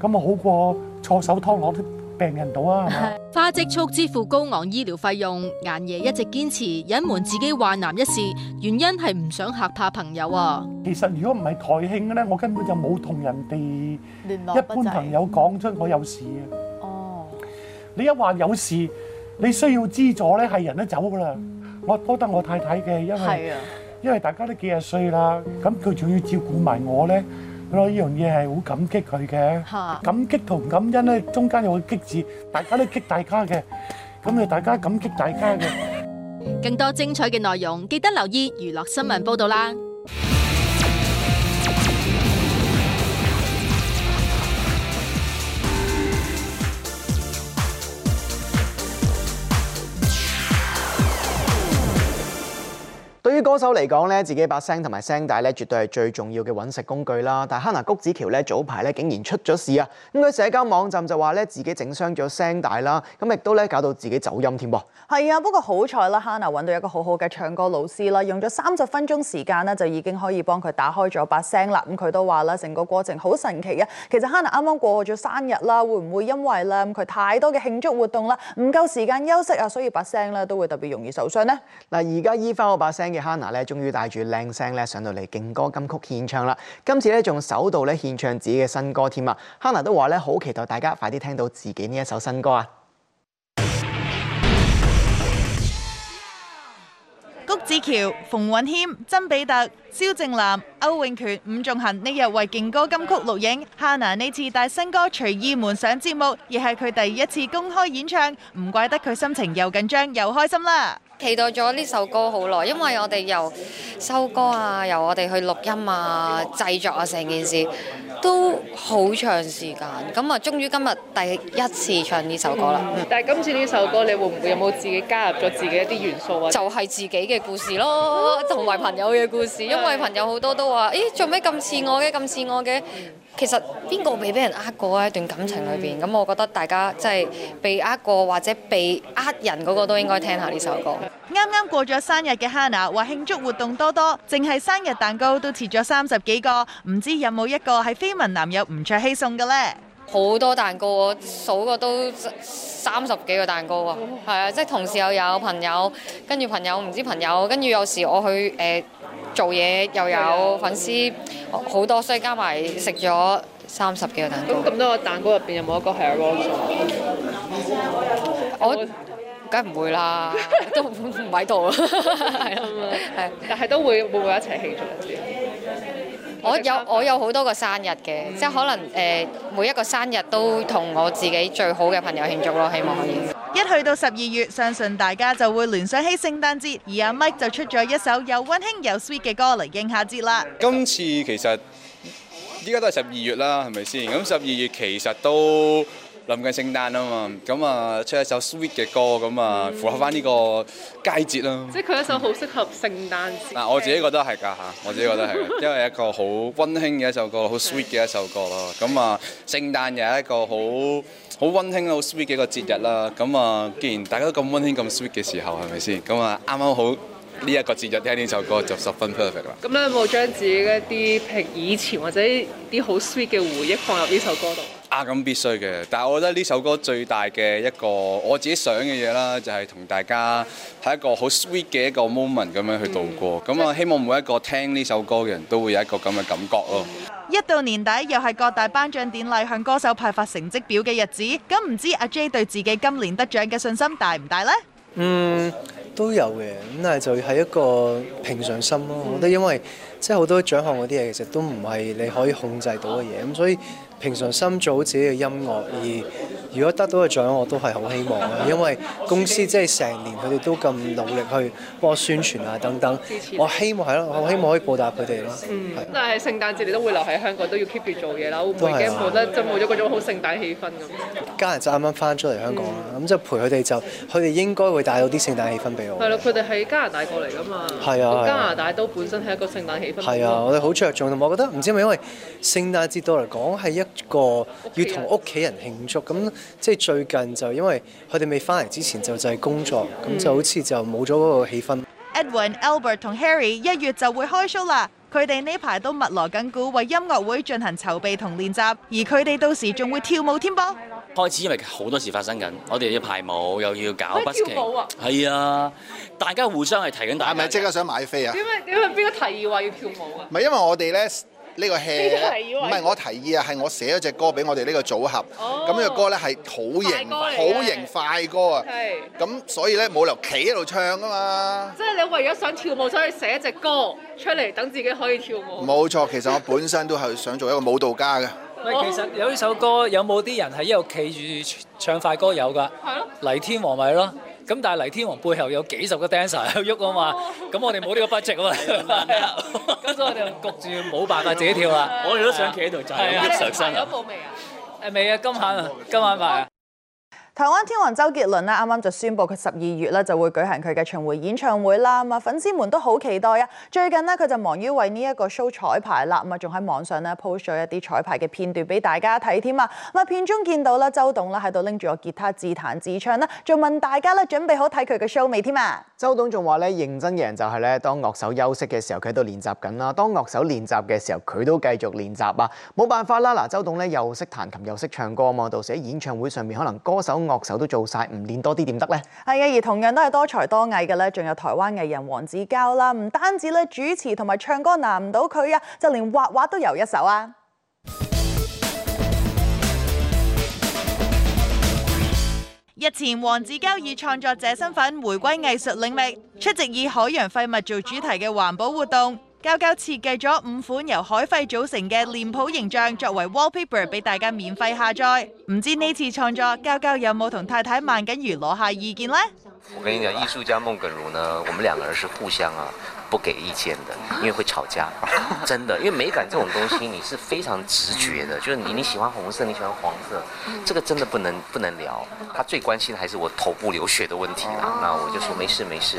咁、嗯、我好過錯手劏落啲病人度啊。花積蓄支付高昂醫療費用，顏爺一直堅持隱瞞自己患癌一事，原因係唔想嚇怕朋友啊。嗯、其實如果唔係台慶呢，我根本就冇同人哋聯絡一般朋友講出我有事啊。哦，你一話有事，你需要資助咧，係人都走噶啦、嗯。我多得我太太嘅，因為、啊。因為大家都幾廿歲啦，咁佢仲要照顧埋我咧，咯呢樣嘢係好感激佢嘅。感激同感恩咧，中間有個激字，大家都激大家嘅，咁啊大家感激大家嘅。更多精彩嘅內容，記得留意娛樂新聞報道啦。對於歌手嚟講咧，自己把聲同埋聲帶咧，絕對係最重要嘅揾食工具啦。但係 Hanna 谷子喬咧，早排咧竟然出咗事啊！咁佢社交網站就話咧，自己整傷咗聲帶啦，咁亦都咧搞到自己走音添噃。係啊，不過好彩啦，Hanna 揾到一個好好嘅唱歌老師啦，用咗三十分鐘時間咧，就已經可以幫佢打開咗把聲啦。咁佢都話啦，成個過程好神奇啊。其實 Hanna 啱啱過咗生日啦，會唔會因為咧佢太多嘅慶祝活動啦，唔夠時間休息啊，所以把聲咧都會特別容易受傷呢？嗱，而家醫翻我把聲嘅。哈娜咧，終於帶住靚聲咧上到嚟勁歌金曲獻唱啦！今次咧仲首度咧獻唱自己嘅新歌添啊！哈娜都話咧好期待大家快啲聽到自己呢一首新歌啊！菊梓喬、馮允謙、曾比特、蕭正楠、歐永權、伍仲衡呢日為勁歌金曲錄影，哈娜呢次帶新歌隨意門上節目，亦係佢第一次公開演唱，唔怪得佢心情又緊張又開心啦！期待咗呢首歌好耐，因為我哋由收歌啊，由我哋去錄音啊、製作啊，成件事都好長時間。咁啊，終於今日第一次唱呢首歌啦。嗯，但係今次呢首歌，你會唔會有冇自己加入咗自己一啲元素啊？就係自己嘅故事咯，同埋朋友嘅故事。因為朋友好多都話：「咦，做咩咁似我嘅？咁似我嘅？其實邊個未俾人呃過喺一段感情裏邊？咁我覺得大家即係被呃過或者被呃人嗰個都應該聽下呢首歌。啱啱過咗生日嘅 Hannah 話慶祝活動多多，淨係生日蛋糕都切咗三十幾個，唔知有冇一個係緋聞男友吳卓羲送嘅呢？好多蛋糕我數過都三十幾個蛋糕喎，係啊，即係同事又有朋友，跟住朋友唔知朋友，跟住有時我去誒。呃做嘢又有粉絲好、嗯、多，所以加埋食咗三十幾個蛋糕。咁咁多個蛋糕入邊有冇一個係 Rose？我梗係唔會啦， 都唔喺度，係啊。係， 但係都會會，會一齊慶㗎。我有我有好多個生日嘅，嗯，即係可能、呃、每一個生日都同我自己最好嘅朋友慶祝咯，希望可以。一去到十二月，相信大家就會聯想起聖誕節，而阿 Mike 就出咗一首又温馨又 sweet 嘅歌嚟應下節啦。今次其實依家都係十二月啦，係咪先？咁十二月其實都。臨近聖誕啊嘛，咁、嗯、啊出一首 sweet 嘅歌，咁、嗯、啊、嗯、符合翻呢個佳節啦。即係佢一首好適合聖誕節的。嗱、嗯，我自己覺得係㗎嚇，我自己覺得係， 因為一個好温馨嘅一首歌，好 sweet 嘅一首歌咯。咁啊、嗯，聖誕日係一個好好温馨、好 sweet 嘅一個節日啦。咁啊，既然大家都咁温馨、咁 sweet 嘅時候，係咪先？咁啊，啱啱好呢一個節日聽呢首歌就十分 perfect 啦。咁你有冇將自己一啲平以前或者啲好 sweet 嘅回憶放入呢首歌度？啊，咁必須嘅，但係我覺得呢首歌最大嘅一個我自己想嘅嘢啦，就係同大家喺一個好 sweet 嘅一個 moment 咁樣去度過。咁啊，希望每一個聽呢首歌嘅人都會有一個咁嘅感覺咯。一到年底，又係各大頒獎典禮向歌手派發成績表嘅日子，咁唔知阿 J 對自己今年得獎嘅信心大唔大呢？嗯，都有嘅，咁但係就係一個平常心咯。我覺得因為即係好多獎項嗰啲嘢，其實都唔係你可以控制到嘅嘢，咁所以。平常心做好自己嘅音樂，而如果得到嘅獎我都係好希望嘅，因為公司即係成年佢哋都咁努力去幫我宣傳啊等等。支持。我希望係咯，我希望可以報答佢哋咯。嗯，但係聖誕節你都會留喺香港，都要 keep 住做嘢啦，會唔會驚冇得就冇咗嗰種好聖誕氣氛咁？家人就啱啱翻咗嚟香港啦，咁就陪佢哋就，佢哋應該會帶到啲聖誕氣氛俾我。係咯，佢哋喺加拿大過嚟㗎嘛。係啊。加拿大都本身係一個聖誕氣氛。係啊，我哋好着重同埋，我覺得唔知係咪因為聖誕節到嚟講係一，個要同屋企人慶祝，咁即係最近就因為佢哋未翻嚟之前就，就係工作，咁就好似就冇咗嗰個氣氛。Edwin Albert 同 Harry 一月就會開 show 啦，佢哋呢排都密鑼緊鼓，為音樂會進行籌備同練習，而佢哋到時仲會跳舞添噃。開始因為好多事發生緊，我哋要排舞，又要搞不羣、啊。係啊，大家互相係提緊。係咪即刻想買飛啊？點解，點解邊個提議話要跳舞啊？唔係因為我哋咧。呢、這個戲唔係我提議啊，係我寫咗隻歌俾我哋呢個組合。咁、哦、樣、這個、歌咧係好型、好型快歌啊。咁所以咧冇理由企喺度唱啊嘛。即係你為咗想跳舞，所以寫一隻歌出嚟，等自己可以跳舞。冇錯，其實我本身都係想做一個舞蹈家嘅。喂、哦，其實有呢首歌，有冇啲人係一路企住唱快歌有㗎？係咯。黎天王咪咯。咁但係黎天王背後有幾十個 dancer 喺度喐啊嘛，咁我哋冇呢個 budget 啊嘛，咁所以我哋焗住冇辦法自己跳啊，我哋都想企喺度喐上身啊。啊，今晚啊，今晚排台灣天王周杰倫咧，啱啱就宣布佢十二月咧就會舉行佢嘅巡迴演唱會啦。咁啊，粉絲們都好期待啊！最近呢，佢就忙於為呢一個 show 彩排啦。咁啊，仲喺網上咧 post 咗一啲彩排嘅片段俾大家睇添啊！咁啊，片中見到咧，周董咧喺度拎住個吉他自彈自唱啦，仲問大家咧準備好睇佢嘅 show 未添啊？周董仲話咧，認真嘅人就係咧，當樂手休息嘅時候，佢喺度練習緊啦；當樂手練習嘅時候，佢都繼續練習啊。冇辦法啦，嗱，周董咧又識彈琴又識唱歌啊嘛，到時喺演唱會上面，可能歌手，樂手都做晒，唔練多啲點得呢？係啊，而同樣都係多才多藝嘅咧，仲有台灣藝人黃子佼啦。唔單止咧主持同埋唱歌難唔到佢啊，就連畫畫都有一手啊！日前黃子佼以創作者身份回歸藝術領域，出席以海洋廢物做主題嘅環保活動。教教設計咗五款由海廢組成嘅臉譜形象作為 wallpaper 俾大家免費下載，唔知呢次創作教教有冇同太太孟耿如攞下意見呢？我跟你講，藝術家孟耿如呢，我們兩個人是互相啊不給意見的，因為會吵架，真的，因為美感這種東西你是非常直覺的，就是你你喜歡紅色，你喜歡黃色，這個真的不能不能聊。他最關心的還是我頭部流血的問題啦，那我就說沒事沒事。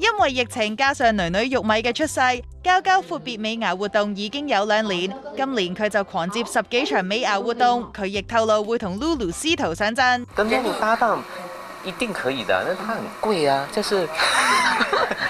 因為疫情加上女女玉米嘅出世，姣姣闊別美牙活動已經有兩年，今年佢就狂接十幾場美牙活動。佢亦透露會同 Lulu 師徒上陣，咁 Lulu 搭檔一定可以的。但佢很貴啊，就是。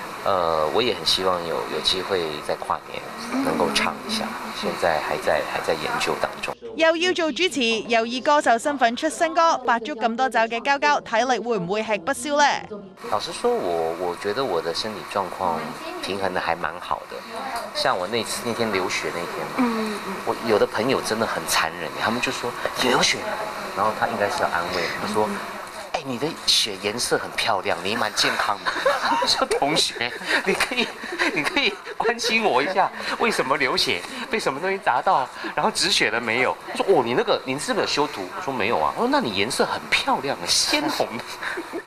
呃，我也很希望有有機會在跨年能夠唱一下，現在還在還在研究當中。又要做主持，又以歌手身份出新歌，百足咁多爪嘅嬌嬌，體力會唔會吃不消呢？老實說我，我我覺得我的身體狀況平衡得還蠻好的。像我那次那天流血那天嘛，我有的朋友真的很殘忍，他們就說流血，然後他應該是要安慰，他們說。你的血顏色很漂亮，你蠻健康的。我說同學，你可以，你可以關心我一下，為什麼流血，被什麼東西砸到，然後止血了沒有？他說哦，你那個，您是不是有修圖？我說沒有啊。我說那你顏色很漂亮，鮮紅的、嗯。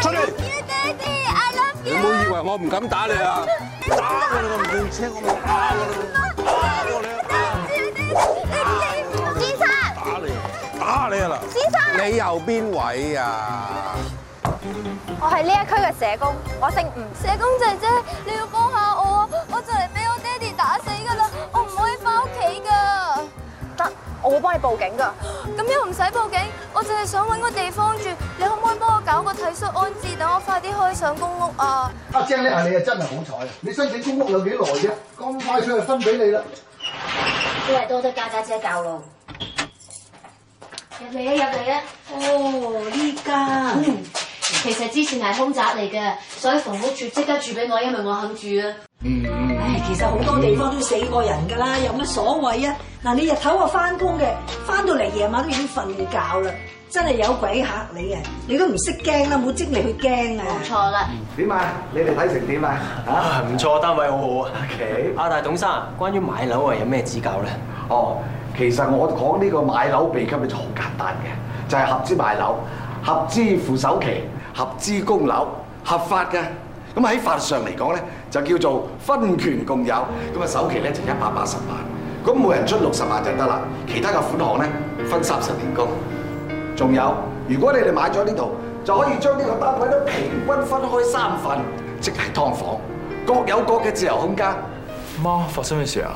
出嚟！You Daddy, I love you！你有冇以為我唔敢打你啊？打我唔見車，我冇打你又邊位啊？我係呢一區嘅社工，我姓吳。社工姐姐，你要幫下我啊！我就嚟俾我爹哋打死噶啦，我唔可以翻屋企噶。得，我會幫你報警噶。咁又唔使報警，我就係想搵個地方住。你可唔可以幫我搞個體恤安置，等我快啲開上公屋啊？阿姐啊，你啊真係好彩啊！你申請公屋有幾耐啫？咁快出去分俾你啦！都係多得家家姐教路。入嚟啊！入嚟啊！哦，呢間、嗯，其實之前係空宅嚟嘅，所以房屋處即刻住俾我，因為我肯住啊。嗯。唉，其實好多地方都死過人噶啦，有乜所謂啊？嗱，你日頭啊翻工嘅，翻到嚟夜晚都已經瞓覺啦，真係有鬼吓你啊！你都唔識驚啦，冇精力去驚啊。冇錯啦。點、嗯、啊？你哋睇成點啊？啊，唔錯，單位好好啊。阿、okay. 大董生，關於買樓啊，有咩指教咧？哦。其實我講呢個買樓秘笈嘅就好簡單嘅，就係合資買樓，合資付首期，合資供樓，合法嘅。咁喺法律上嚟講咧，就叫做分權共有。咁啊首期咧就一百八十萬，咁每人出六十萬就得啦。其他嘅款項咧分三十年供。仲有，如果你哋買咗呢度，就可以將呢個單位咧平均分開三份，即係劏房，各有各嘅自由空間。媽，發生咩事啊？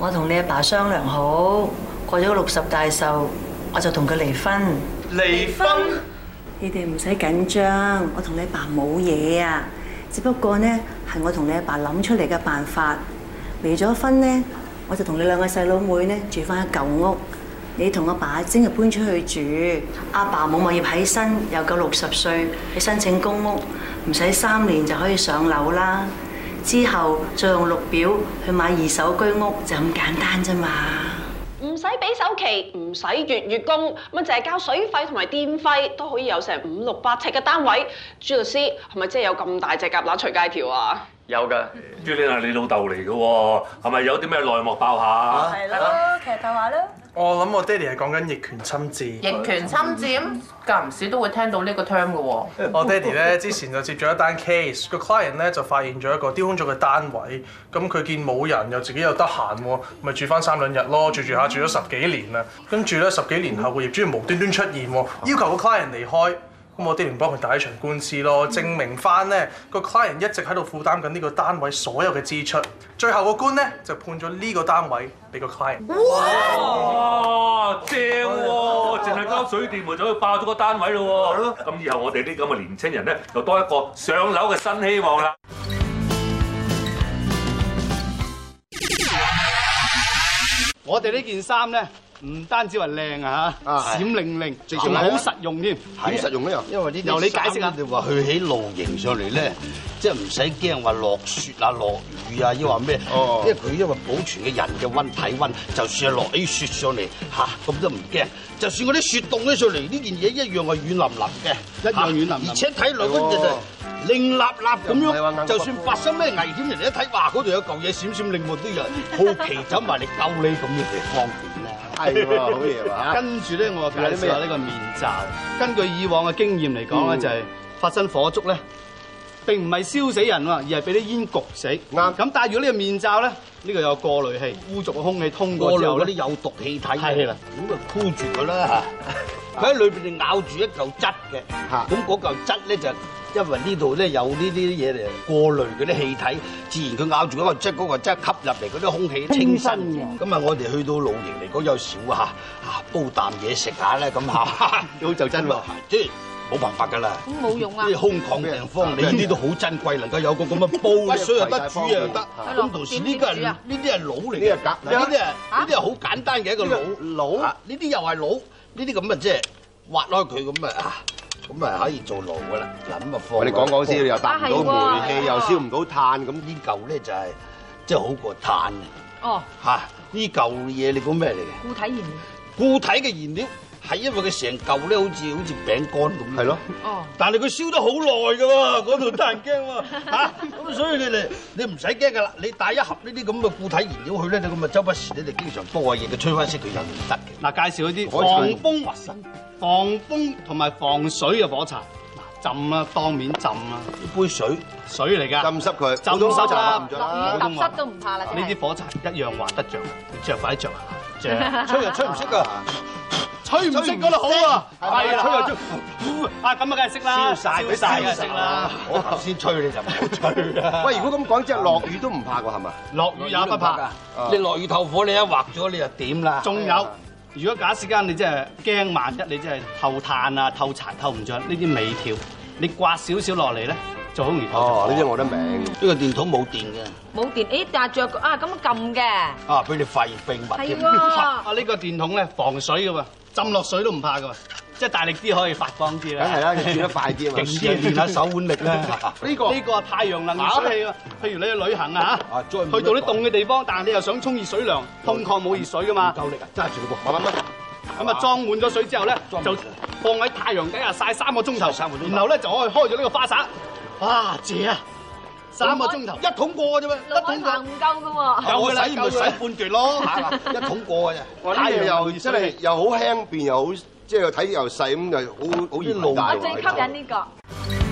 我同你阿爸，爸商量好，過咗六十大壽，我就同佢離婚。離婚？你哋唔使緊張，我同你阿爸冇嘢啊。只不過呢，係我同你阿爸諗出嚟嘅辦法。離咗婚呢，我就同你兩個細佬妹呢住翻喺舊屋。你同阿爸今日搬出去住爸爸沒。阿爸冇物業喺身，又夠六十歲，你申請公屋，唔使三年就可以上樓啦。之後再用綠表去買二手居屋就咁簡單啫嘛，唔使俾首期，唔使月月供，乜淨係交水費同埋電費都可以有成五六百尺嘅單位主。朱律師係咪真係有咁大隻蛤乸隨街跳啊？有嘅，朱麗娜係你老豆嚟嘅喎，係咪有啲咩內幕爆下？係、啊、咯，其實就話啦。我諗我爹哋係講緊逆權侵佔。逆權侵佔，間唔少都會聽到呢個 term 嘅喎。我爹哋咧之前就接咗一單 case，個 client 咧就發現咗一個丟空咗嘅單位，咁佢見冇人，又自己又得閒，咪住返三兩日咯，住住下住咗十幾年啦。跟住咧十幾年後個業主無端端出現，要求個 client 離開。咁我哋連幫佢打一場官司咯，證明翻咧個 client 一直喺度負擔緊呢個單位所有嘅支出，最後個官咧就判咗呢個單位畀個 client。哇！正喎，啊，淨係交水電煤就可以爆咗個單位咯。係咁以後我哋呢咁嘅年輕人咧，就多一個上樓嘅新希望啦。我哋呢件衫咧。唔單止話靚啊吓，閃靈靈，仲好實用添，好實用因為呢。由你解釋啊。你話去起露營上嚟咧，即係唔使驚話落雪啊、落雨啊，又話咩？哦，因為佢因為保存嘅人嘅溫體溫，就算係落起雪上嚟，吓咁都唔驚。就算嗰啲雪凍咗上嚟，呢件嘢一樣係軟腍腍嘅，一樣軟腍，而且睇落嗰陣就靈立立咁樣，就算發生咩危險，人哋一睇，話，嗰度有嚿嘢閃閃靈光啲人，好奇走埋嚟救你咁樣，其實方便。係好嘢啦！跟住呢，我介紹呢個，個面罩。根據以往嘅經驗嚟講咧，就係發生火燭呢，並唔係燒死人喎，而係俾啲煙焗死。咁但係如果呢個面罩呢，呢個有過濾器，污濁嘅空氣通過之後，嗰啲有毒氣體係咁就箍住佢啦。佢喺裏面你咬住一嚿質嘅咁嗰嚿質呢就是。因為呢度咧有呢啲嘢嚟過濾嗰啲氣體，自然佢咬住嗰、嗰個，即係、嗰、嗰個即係吸入嚟嗰啲空氣清新嘅。咁啊，我哋去到露營嚟講又少嚇，啊煲啖嘢食下咧咁嚇，好 就真喎，即係冇辦法噶啦。咁冇用啊！啲空曠嘅地方，麼你呢啲都好珍貴，能夠有個咁嘅煲。煲水又得，煮又得，咁同時呢個係呢啲係腦嚟嘅，呢啲係呢啲係呢啲係好簡單嘅一個腦。腦呢啲又係腦，呢啲咁啊即係挖開佢咁啊。咁咪可以做爐噶啦，咁啊放。我哋講講先，又搭唔到煤氣，又燒唔到炭，咁呢嚿咧就係即係好過炭。哦，吓，呢嚿嘢你估咩嚟嘅？固體燃料。固體嘅燃料。係因為佢成嚿咧，好似好似餅乾咁。係咯。哦。但係佢燒得好耐嘅喎，嗰度得人驚喎。咁所以你哋你唔使驚㗎啦。你帶一盒呢啲咁嘅固體燃料去咧，咁啊周不時你哋經常煲下嘢，佢吹翻熄佢又唔得嘅。嗱，介紹嗰啲防風滑身、防風同埋防水嘅火柴。嗱，浸啦，當面浸啦，一杯水，水嚟㗎，浸濕佢，浸咁收就啦、是，淋濕都唔怕啦。呢啲火柴一樣滑得着，着快着著，着吹又吹唔熄㗎。佢唔識講得好喎，係啦，就啊咁啊梗係識啦，燒晒燒大家識啦，我頭先吹你就唔好吹啦。喂，如果咁講，即係落雨都唔怕㗎係嘛？落雨也不怕。不怕不怕你落雨透火，你一劃咗你就點啦？仲有，如果假設間你真係驚萬一，你真係透炭啊、透柴透唔着呢啲尾條。你刮少少落嚟咧，就好容易。哦，呢啲我都明。呢個電筒冇電嘅。冇電？誒，但係著啊，咁撳嘅。啊，俾你發熱並唔係喎。啊，呢個電筒咧防水嘅喎，浸落水都唔怕嘅喎，即係大力啲可以發光啲啦。啊，係啦，轉得快啲啊，極速轉下手腕力啦。呢個呢個係太陽能熱水器喎，譬如你去旅行啊嚇，去到啲凍嘅地方，但係你又想沖熱水涼，通曠冇熱水嘅嘛。夠力啊！揸住，冇問題。咁啊，裝滿咗水之後咧，就放喺太陽底下曬三個鐘頭，然後咧就可以開咗呢個花灑。哇，姐啊！三個鐘頭，一桶過啫嘛，一桶過唔夠噶喎。有我洗咪洗半截咯，嚇嘛，一桶過啫。拉住又出嚟，又好輕便，又好即係睇又細咁，又好好易帶喎。我最吸引呢個。